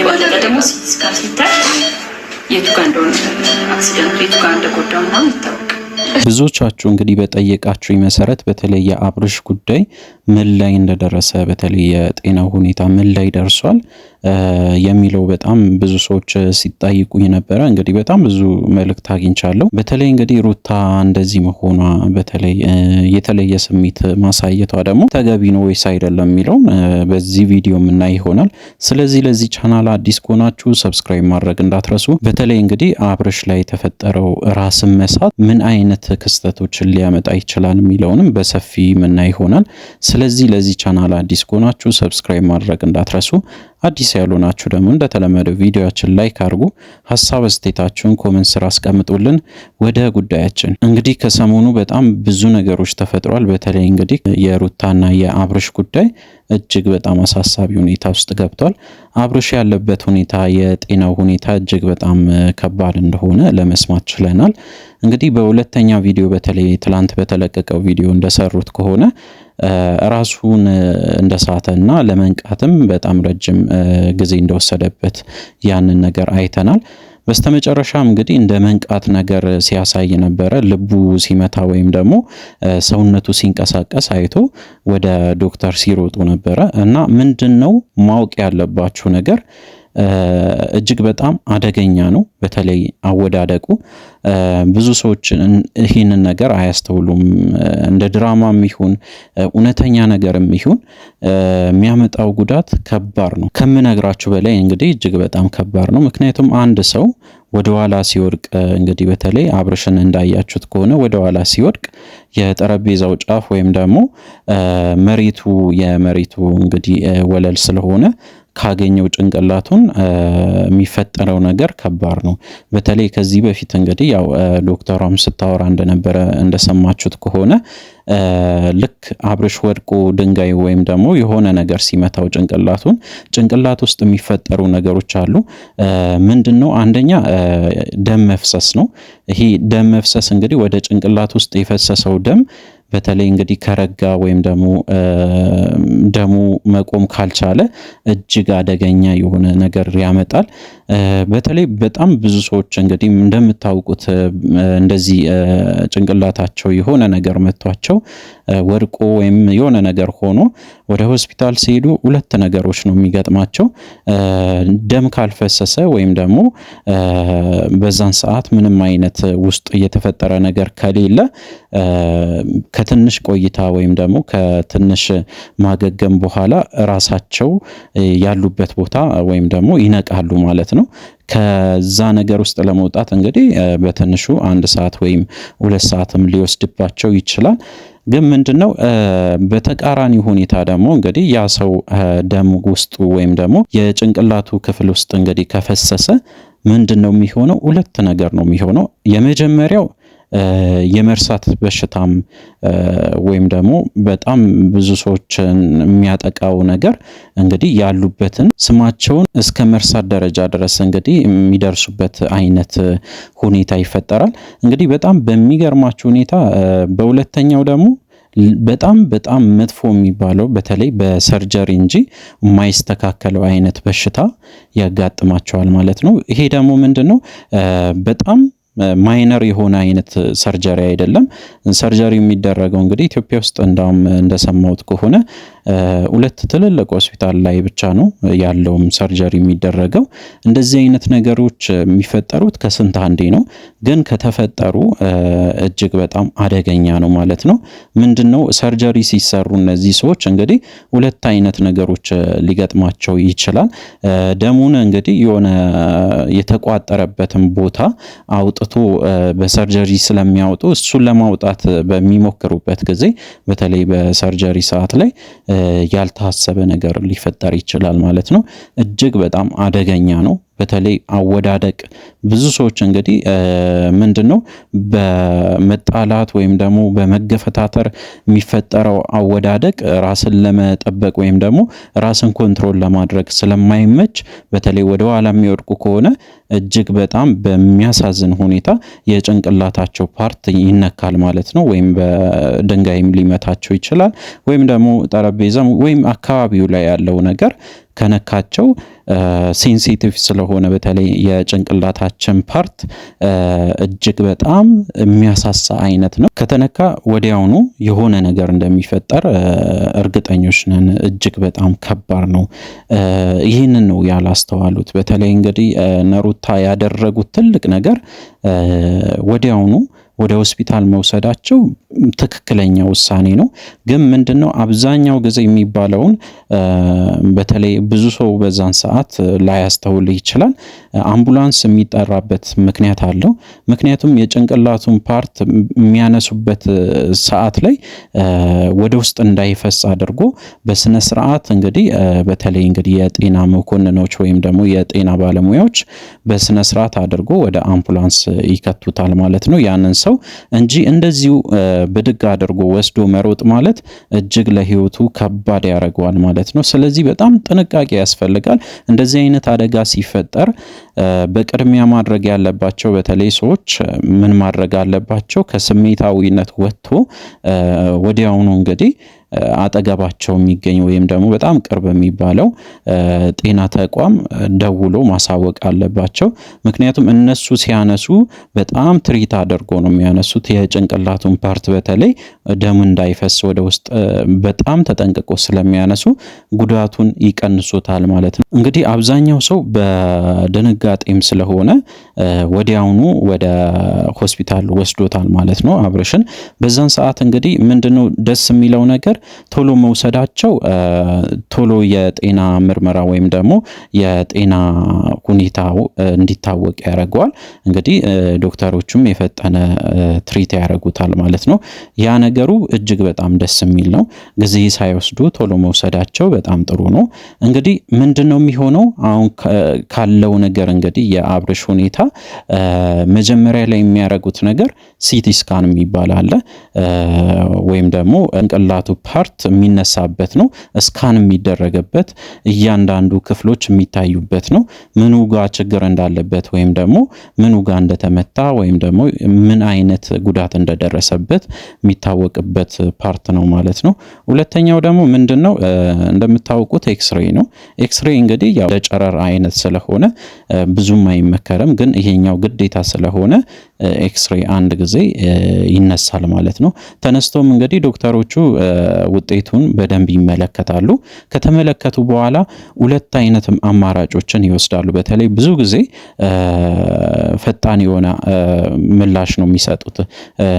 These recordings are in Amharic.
የበለጠ ደግሞ ሲታይ የቱ ጋ እንደሆነ አክሲደንቱ የቱ ጋ እንደጎዳው ምናምን ይታወቅ ብዙዎቻችሁ እንግዲህ በጠየቃችሁኝ መሰረት በተለይ የአብርሽ ጉዳይ ምን ላይ እንደደረሰ በተለይ የጤናው ሁኔታ ምን ላይ ደርሷል የሚለው በጣም ብዙ ሰዎች ሲጠይቁኝ ነበረ። እንግዲህ በጣም ብዙ መልእክት አግኝቻለሁ። በተለይ እንግዲህ ሩታ እንደዚህ መሆኗ በተለይ የተለየ ስሜት ማሳየቷ ደግሞ ተገቢ ነው ወይስ አይደለም የሚለውን በዚህ ቪዲዮ የምናይ ይሆናል። ስለዚህ ለዚህ ቻናል አዲስ ከሆናችሁ ሰብስክራይብ ማድረግ እንዳትረሱ። በተለይ እንግዲህ አብርሽ ላይ የተፈጠረው ራስን መሳት ምን አይነት ክስተቶችን ሊያመጣ ይችላል የሚለውንም በሰፊ ምና ይሆናል። ስለዚህ ለዚህ ቻናል አዲስ ከሆናችሁ ሰብስክራይብ ማድረግ እንዳትረሱ አዲስ ያልሆናችሁ ደግሞ እንደተለመደው ቪዲዮችን ላይክ አድርጉ፣ ሀሳብ አስተያየታችሁን ኮመንት ስራ አስቀምጡልን። ወደ ጉዳያችን እንግዲህ ከሰሞኑ በጣም ብዙ ነገሮች ተፈጥሯል። በተለይ እንግዲህ የሩታና የአብርሽ ጉዳይ እጅግ በጣም አሳሳቢ ሁኔታ ውስጥ ገብቷል። አብርሽ ያለበት ሁኔታ፣ የጤናው ሁኔታ እጅግ በጣም ከባድ እንደሆነ ለመስማት ችለናል። እንግዲህ በሁለተኛ ቪዲዮ በተለይ ትላንት በተለቀቀው ቪዲዮ እንደሰሩት ከሆነ ራሱን እንደሳተና ለመንቃትም በጣም ረጅም ጊዜ እንደወሰደበት ያንን ነገር አይተናል። በስተመጨረሻም እንግዲህ እንደ መንቃት ነገር ሲያሳይ ነበረ። ልቡ ሲመታ ወይም ደግሞ ሰውነቱ ሲንቀሳቀስ አይቶ ወደ ዶክተር ሲሮጡ ነበረ እና ምንድን ነው ማወቅ ያለባችሁ ነገር እጅግ በጣም አደገኛ ነው። በተለይ አወዳደቁ ብዙ ሰዎች ይህንን ነገር አያስተውሉም። እንደ ድራማም ይሁን እውነተኛ ነገርም ይሁን የሚያመጣው ጉዳት ከባድ ነው። ከምነግራችሁ በላይ እንግዲህ እጅግ በጣም ከባድ ነው። ምክንያቱም አንድ ሰው ወደኋላ ሲወድቅ እንግዲህ በተለይ አብርሽን እንዳያችሁት ከሆነ ወደኋላ ሲወድቅ የጠረጴዛው ጫፍ ወይም ደግሞ መሬቱ የመሬቱ እንግዲህ ወለል ስለሆነ ካገኘው ጭንቅላቱን የሚፈጠረው ነገር ከባድ ነው። በተለይ ከዚህ በፊት እንግዲህ ያው ዶክተሯም ስታወራ እንደነበረ እንደሰማችሁት ከሆነ ልክ አብርሽ ወድቆ ድንጋይ ወይም ደግሞ የሆነ ነገር ሲመታው ጭንቅላቱን ጭንቅላት ውስጥ የሚፈጠሩ ነገሮች አሉ። ምንድን ነው? አንደኛ ደም መፍሰስ ነው። ይሄ ደም መፍሰስ እንግዲህ ወደ ጭንቅላት ውስጥ የፈሰሰው ደም በተለይ እንግዲህ ከረጋ ወይም ደግሞ ደሙ መቆም ካልቻለ እጅግ አደገኛ የሆነ ነገር ያመጣል። በተለይ በጣም ብዙ ሰዎች እንግዲህ እንደምታውቁት እንደዚህ ጭንቅላታቸው የሆነ ነገር መቷቸው ወድቆ ወይም የሆነ ነገር ሆኖ ወደ ሆስፒታል ሲሄዱ ሁለት ነገሮች ነው የሚገጥማቸው። ደም ካልፈሰሰ ወይም ደግሞ በዛን ሰዓት ምንም አይነት ውስጥ የተፈጠረ ነገር ከሌለ ከትንሽ ቆይታ ወይም ደግሞ ከትንሽ ማገገም በኋላ ራሳቸው ያሉበት ቦታ ወይም ደግሞ ይነቃሉ ማለት ነው። ከዛ ነገር ውስጥ ለመውጣት እንግዲህ በትንሹ አንድ ሰዓት ወይም ሁለት ሰዓትም ሊወስድባቸው ይችላል። ግን ምንድን ነው በተቃራኒ ሁኔታ ደግሞ እንግዲህ ያ ሰው ደም ውስጡ ወይም ደግሞ የጭንቅላቱ ክፍል ውስጥ እንግዲህ ከፈሰሰ ምንድን ነው የሚሆነው? ሁለት ነገር ነው የሚሆነው። የመጀመሪያው የመርሳት በሽታም ወይም ደግሞ በጣም ብዙ ሰዎችን የሚያጠቃው ነገር እንግዲህ ያሉበትን ስማቸውን እስከ መርሳት ደረጃ ድረስ እንግዲህ የሚደርሱበት አይነት ሁኔታ ይፈጠራል። እንግዲህ በጣም በሚገርማችሁ ሁኔታ በሁለተኛው ደግሞ በጣም በጣም መጥፎ የሚባለው በተለይ በሰርጀሪ እንጂ የማይስተካከለው አይነት በሽታ ያጋጥማቸዋል ማለት ነው። ይሄ ደግሞ ምንድን ነው በጣም ማይነር የሆነ አይነት ሰርጀሪ አይደለም። ሰርጀሪ የሚደረገው እንግዲህ ኢትዮጵያ ውስጥ እንዳውም እንደሰማሁት ከሆነ ሁለት ትልልቅ ሆስፒታል ላይ ብቻ ነው ያለውም ሰርጀሪ የሚደረገው። እንደዚህ አይነት ነገሮች የሚፈጠሩት ከስንት አንዴ ነው፣ ግን ከተፈጠሩ እጅግ በጣም አደገኛ ነው ማለት ነው። ምንድን ነው ሰርጀሪ ሲሰሩ እነዚህ ሰዎች እንግዲህ ሁለት አይነት ነገሮች ሊገጥማቸው ይችላል። ደሙን እንግዲህ የሆነ የተቋጠረበትን ቦታ አውጥቶ በሰርጀሪ ስለሚያወጡ እሱን ለማውጣት በሚሞክሩበት ጊዜ በተለይ በሰርጀሪ ሰዓት ላይ ያልታሰበ ነገር ሊፈጠር ይችላል ማለት ነው። እጅግ በጣም አደገኛ ነው። በተለይ አወዳደቅ ብዙ ሰዎች እንግዲህ ምንድን ነው በመጣላት ወይም ደግሞ በመገፈታተር የሚፈጠረው አወዳደቅ ራስን ለመጠበቅ ወይም ደግሞ ራስን ኮንትሮል ለማድረግ ስለማይመች በተለይ ወደ ኋላ የሚወድቁ ከሆነ እጅግ በጣም በሚያሳዝን ሁኔታ የጭንቅላታቸው ፓርት ይነካል ማለት ነው። ወይም በድንጋይም ሊመታቸው ይችላል ወይም ደግሞ ጠረጴዛም ወይም አካባቢው ላይ ያለው ነገር ከነካቸው ሴንሲቲቭ ስለሆነ በተለይ የጭንቅላታችን ፓርት እጅግ በጣም የሚያሳሳ አይነት ነው። ከተነካ ወዲያውኑ የሆነ ነገር እንደሚፈጠር እርግጠኞች ነን። እጅግ በጣም ከባድ ነው። ይህንን ነው ያላስተዋሉት። በተለይ እንግዲህ ነሩታ ያደረጉት ትልቅ ነገር ወዲያውኑ ወደ ሆስፒታል መውሰዳቸው ትክክለኛ ውሳኔ ነው። ግን ምንድን ነው አብዛኛው ጊዜ የሚባለውን በተለይ ብዙ ሰው በዛን ሰዓት ላያስተውል ይችላል። አምቡላንስ የሚጠራበት ምክንያት አለው። ምክንያቱም የጭንቅላቱን ፓርት የሚያነሱበት ሰዓት ላይ ወደ ውስጥ እንዳይፈስ አድርጎ በስነ ስርዓት እንግዲህ በተለይ እንግዲህ የጤና መኮንኖች ወይም ደግሞ የጤና ባለሙያዎች በስነ ስርዓት አድርጎ ወደ አምቡላንስ ይከቱታል ማለት ነው ያንን ሰው የሚያመጣው እንጂ እንደዚሁ ብድግ አድርጎ ወስዶ መሮጥ ማለት እጅግ ለህይወቱ ከባድ ያደርገዋል ማለት ነው። ስለዚህ በጣም ጥንቃቄ ያስፈልጋል። እንደዚህ አይነት አደጋ ሲፈጠር በቅድሚያ ማድረግ ያለባቸው በተለይ ሰዎች ምን ማድረግ አለባቸው? ከስሜታዊነት ወጥቶ ወዲያውኑ እንግዲህ አጠገባቸው የሚገኝ ወይም ደግሞ በጣም ቅርብ የሚባለው ጤና ተቋም ደውሎ ማሳወቅ አለባቸው። ምክንያቱም እነሱ ሲያነሱ በጣም ትሪት አድርጎ ነው የሚያነሱት። የጭንቅላቱን ፓርት በተለይ ደም እንዳይፈስ ወደ ውስጥ በጣም ተጠንቅቆ ስለሚያነሱ ጉዳቱን ይቀንሱታል ማለት ነው። እንግዲህ አብዛኛው ሰው በድንጋጤም ስለሆነ ወዲያውኑ ወደ ሆስፒታል ወስዶታል ማለት ነው አብርሽን። በዛን ሰዓት እንግዲህ ምንድነው ደስ የሚለው ነገር ቶሎ መውሰዳቸው ቶሎ የጤና ምርመራ ወይም ደግሞ የጤና ሁኔታው እንዲታወቅ ያደርገዋል። እንግዲህ ዶክተሮቹም የፈጠነ ትሪት ያደርጉታል ማለት ነው። ያ ነገሩ እጅግ በጣም ደስ የሚል ነው። ጊዜ ሳይወስዱ ቶሎ መውሰዳቸው በጣም ጥሩ ነው። እንግዲህ ምንድን ነው የሚሆነው አሁን ካለው ነገር እንግዲህ የአብርሽ ሁኔታ መጀመሪያ ላይ የሚያደርጉት ነገር ሲቲ ስካን የሚባል አለ ወይም ደግሞ እንቅላቱ ፓርት የሚነሳበት ነው። እስካን የሚደረግበት እያንዳንዱ ክፍሎች የሚታዩበት ነው። ምኑ ጋ ችግር እንዳለበት ወይም ደግሞ ምኑ ጋ እንደተመታ ወይም ደግሞ ምን አይነት ጉዳት እንደደረሰበት የሚታወቅበት ፓርት ነው ማለት ነው። ሁለተኛው ደግሞ ምንድን ነው እንደምታውቁት ኤክስሬ ነው። ኤክስሬ እንግዲህ ያው ለጨረር አይነት ስለሆነ ብዙም አይመከርም፣ ግን ይሄኛው ግዴታ ስለሆነ ኤክስሬ አንድ ጊዜ ይነሳል ማለት ነው። ተነስቶም እንግዲህ ዶክተሮቹ ውጤቱን በደንብ ይመለከታሉ። ከተመለከቱ በኋላ ሁለት አይነት አማራጮችን ይወስዳሉ። በተለይ ብዙ ጊዜ ፈጣን የሆነ ምላሽ ነው የሚሰጡት።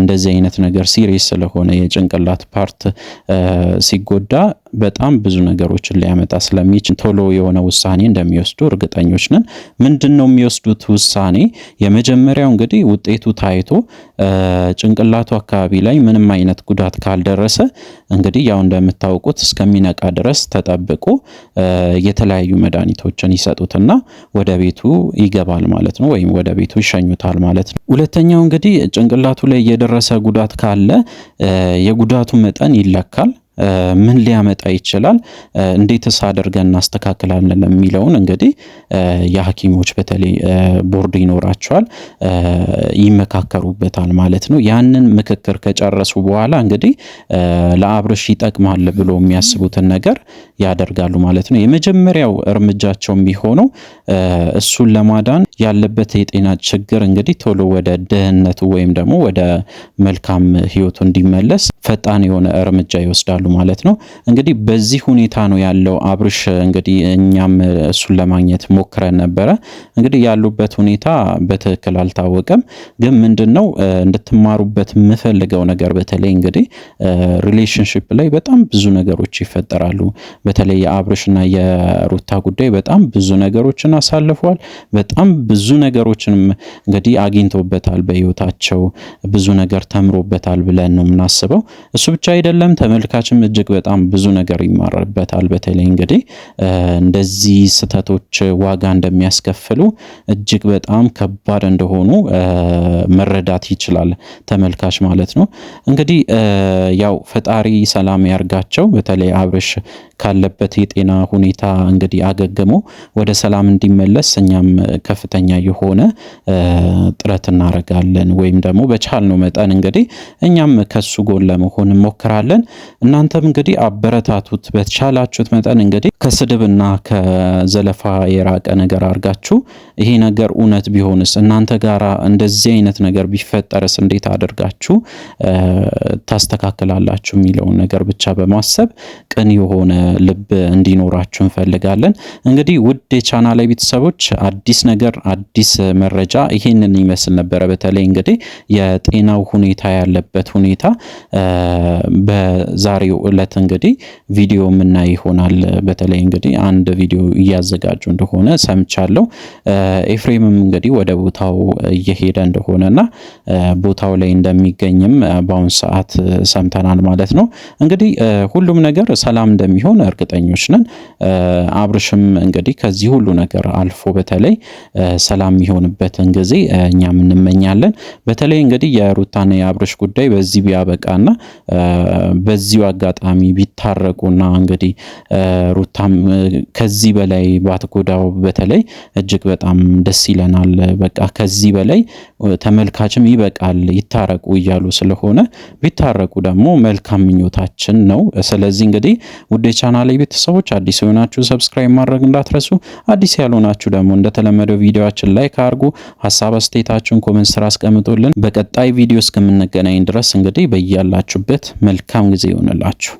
እንደዚህ አይነት ነገር ሲሪየስ ስለሆነ የጭንቅላት ፓርት ሲጎዳ በጣም ብዙ ነገሮችን ሊያመጣ ስለሚችል ቶሎ የሆነ ውሳኔ እንደሚወስዱ እርግጠኞች ነን። ምንድን ነው የሚወስዱት ውሳኔ? የመጀመሪያው እንግዲህ ውጤቱ ታይቶ ጭንቅላቱ አካባቢ ላይ ምንም አይነት ጉዳት ካልደረሰ እንግዲህ ያው እንደምታውቁት እስከሚነቃ ድረስ ተጠብቆ የተለያዩ መድኃኒቶችን ይሰጡትና ወደ ቤቱ ይገባል ማለት ነው፣ ወይም ወደ ቤቱ ይሸኙታል ማለት ነው። ሁለተኛው እንግዲህ ጭንቅላቱ ላይ የደረሰ ጉዳት ካለ የጉዳቱ መጠን ይለካል። ምን ሊያመጣ ይችላል፣ እንዴትስ አድርገን እናስተካክላለን የሚለውን እንግዲህ የሐኪሞች በተለይ ቦርድ ይኖራቸዋል፣ ይመካከሩበታል ማለት ነው። ያንን ምክክር ከጨረሱ በኋላ እንግዲህ ለአብርሽ ይጠቅማል ብሎ የሚያስቡትን ነገር ያደርጋሉ ማለት ነው። የመጀመሪያው እርምጃቸው የሚሆነው እሱን ለማዳን ያለበት የጤና ችግር እንግዲህ ቶሎ ወደ ደህንነቱ ወይም ደግሞ ወደ መልካም ህይወቱ እንዲመለስ ፈጣን የሆነ እርምጃ ይወስዳሉ ማለት ነው። እንግዲህ በዚህ ሁኔታ ነው ያለው አብርሽ። እንግዲህ እኛም እሱን ለማግኘት ሞክረን ነበረ። እንግዲህ ያሉበት ሁኔታ በትክክል አልታወቀም። ግን ምንድን ነው እንድትማሩበት የምፈልገው ነገር በተለይ እንግዲህ ሪሌሽንሽፕ ላይ በጣም ብዙ ነገሮች ይፈጠራሉ። በተለይ የአብርሽና የሩታ ጉዳይ በጣም ብዙ ነገሮችን አሳልፏል። በጣም ብዙ ነገሮችንም እንግዲህ አግኝቶበታል። በህይወታቸው ብዙ ነገር ተምሮበታል ብለን ነው የምናስበው። እሱ ብቻ አይደለም ተመልካችም ተማሪዎችም እጅግ በጣም ብዙ ነገር ይማርበታል። በተለይ እንግዲህ እንደዚህ ስህተቶች ዋጋ እንደሚያስከፍሉ እጅግ በጣም ከባድ እንደሆኑ መረዳት ይችላል ተመልካች ማለት ነው። እንግዲህ ያው ፈጣሪ ሰላም ያርጋቸው። በተለይ አብርሽ ካለበት የጤና ሁኔታ እንግዲህ አገግሞ ወደ ሰላም እንዲመለስ እኛም ከፍተኛ የሆነ ጥረት እናደርጋለን ወይም ደግሞ በቻልነው መጠን እንግዲህ እኛም ከሱ ጎን ለመሆን እንሞክራለን። እና እናንተም እንግዲህ አበረታቱት። በተቻላችሁት መጠን እንግዲህ ከስድብና ከዘለፋ የራቀ ነገር አድርጋችሁ ይሄ ነገር እውነት ቢሆንስ እናንተ ጋራ እንደዚህ አይነት ነገር ቢፈጠርስ እንዴት አድርጋችሁ ታስተካክላላችሁ የሚለውን ነገር ብቻ በማሰብ ቅን የሆነ ልብ እንዲኖራችሁ እንፈልጋለን። እንግዲህ ውድ የቻና ላይ ቤተሰቦች አዲስ ነገር አዲስ መረጃ ይሄንን ይመስል ነበረ። በተለይ እንግዲህ የጤናው ሁኔታ ያለበት ሁኔታ በዛሬው ዕለት እንግዲህ ቪዲዮ የምናይ ይሆናል። ላይ እንግዲህ አንድ ቪዲዮ እያዘጋጁ እንደሆነ ሰምቻለሁ። ኤፍሬምም እንግዲህ ወደ ቦታው እየሄደ እንደሆነና ቦታው ላይ እንደሚገኝም በአሁን ሰዓት ሰምተናል ማለት ነው። እንግዲህ ሁሉም ነገር ሰላም እንደሚሆን እርግጠኞች ነን። አብርሽም እንግዲህ ከዚህ ሁሉ ነገር አልፎ በተለይ ሰላም የሚሆንበትን ጊዜ እኛም እንመኛለን። በተለይ እንግዲህ የሩታና የአብርሽ ጉዳይ በዚህ ቢያበቃና በዚሁ አጋጣሚ ቢታረቁና እንግዲህ ሩታ ከዚህ በላይ ባትጎዳው በተለይ እጅግ በጣም ደስ ይለናል። በቃ ከዚህ በላይ ተመልካችም ይበቃል ይታረቁ እያሉ ስለሆነ ቢታረቁ ደግሞ መልካም ምኞታችን ነው። ስለዚህ እንግዲህ ውድ የቻናሌ ቤተሰቦች አዲስ የሆናችሁ ሰብስክራይብ ማድረግ እንዳትረሱ፣ አዲስ ያልሆናችሁ ደግሞ እንደተለመደው ቪዲዮችን ላይ ካርጉ ሀሳብ አስተያየታችሁን ኮሜንት ስራ አስቀምጡልን። በቀጣይ ቪዲዮ እስከምንገናኝ ድረስ እንግዲህ በያላችሁበት መልካም ጊዜ ይሆንላችሁ።